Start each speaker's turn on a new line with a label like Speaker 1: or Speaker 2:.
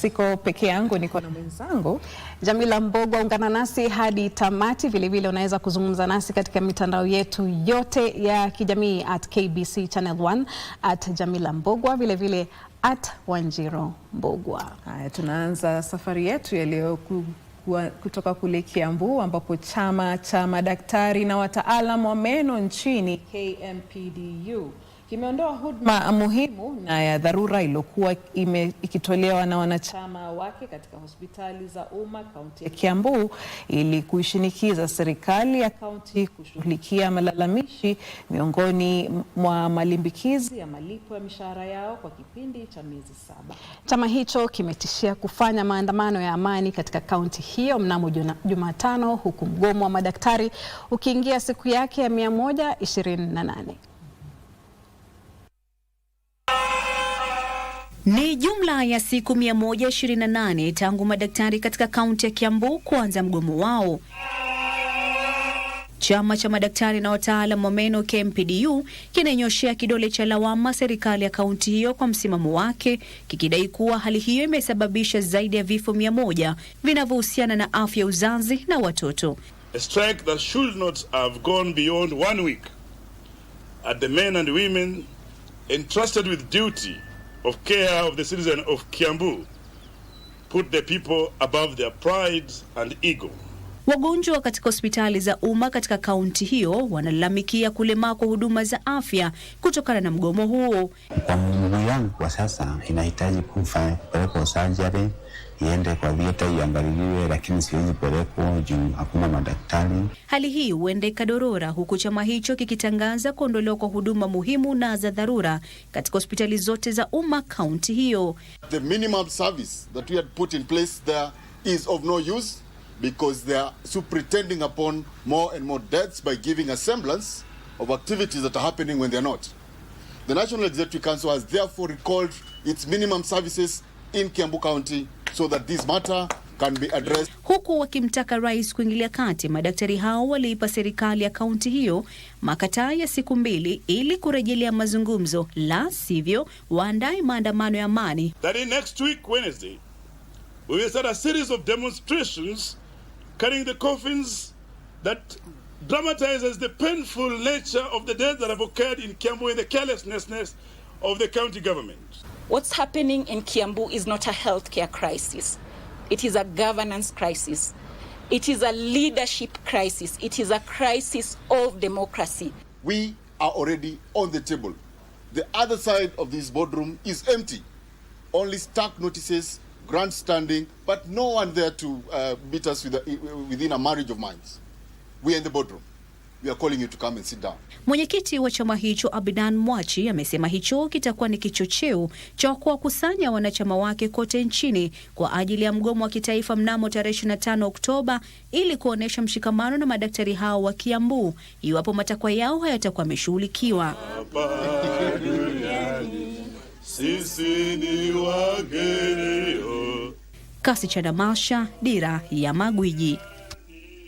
Speaker 1: siko peke yangu, niko na mwenzangu Jamila Mbogwa. Ungana nasi hadi tamati. Vilevile unaweza kuzungumza nasi katika mitandao yetu yote ya kijamii at KBC Channel 1 at Jamila Mbogwa, vilevile at Wanjiro Mbogwa. Haya, tunaanza safari yetu ya leo kutoka kule Kiambu ambapo chama cha madaktari na wataalamu wa meno nchini KMPDU kimeondoa huduma muhimu na ya dharura iliyokuwa ikitolewa na wanachama wake katika hospitali za umma kaunti ya Kiambu ili kuishinikiza serikali ya kaunti kushughulikia malalamishi miongoni mwa malimbikizi ya malipo ya mishahara yao kwa kipindi cha miezi saba. Chama hicho kimetishia kufanya maandamano ya amani katika kaunti hiyo mnamo Jumatano, huku mgomo wa madaktari ukiingia siku yake ya 128. Ni jumla ya siku 128 tangu madaktari katika kaunti ya Kiambu kuanza mgomo wao. Chama cha madaktari na wataalamu wa meno KMPDU kinanyoshea kidole cha lawama serikali ya kaunti hiyo kwa msimamo wake, kikidai kuwa hali hiyo imesababisha zaidi ya vifo 100 vinavyohusiana na afya uzazi na watoto.
Speaker 2: A of care of the citizen of Kiambu put the people above their pride and ego.
Speaker 1: Wagonjwa katika hospitali za umma katika kaunti hiyo wanalalamikia kulemaa kwa huduma za afya kutokana na mgomo huo.
Speaker 3: Kwa mguu yangu kwa sasa inahitaji kupelekwa surgery iende kwa vieta iangaliwe, lakini siwezi pelekwa juu hakuna madaktari.
Speaker 1: Hali hii huenda ikadorora, huku chama hicho kikitangaza kuondolewa kwa huduma muhimu na za dharura katika hospitali zote za umma kaunti hiyo.
Speaker 4: The minimum service that we had put in place there is of no use because they are superintending upon more and more deaths by giving a semblance of activities that are happening when they are not. The National Executive Council has therefore recalled its minimum services in Kiambu County so that this matter can be addressed.
Speaker 1: Huku wakimtaka rais kuingilia kati, madaktari hao waliipa serikali ya kaunti hiyo makataa ya siku mbili ili kurejelea mazungumzo, la sivyo waandae maandamano ya amani.
Speaker 5: That in next week Wednesday we will start a series of demonstrations carrying the coffins that dramatizes the painful nature of the deaths that have occurred in Kiambu and the carelessness of the county government.
Speaker 6: What's happening in Kiambu is not a healthcare crisis. It is a governance crisis. It is a leadership crisis. It is a crisis of democracy.
Speaker 7: We are already on the table. The other side of this boardroom is empty. Only stark notices grandstanding, but no one there to uh, beat us with a, within a marriage of minds. We are in the boardroom. We are calling you to come and sit down.
Speaker 1: Mwenyekiti wa chama hicho Abidan Mwachi amesema hicho kitakuwa ni kichocheo cha kuwakusanya wanachama wake kote nchini kwa ajili ya mgomo wa kitaifa mnamo tarehe 25 Oktoba ili kuonesha mshikamano na madaktari hao wa Kiambu iwapo matakwa yao hayatakuwa yameshughulikiwa. Sisi ni wageni kasi cha Damasha, dira ya magwiji.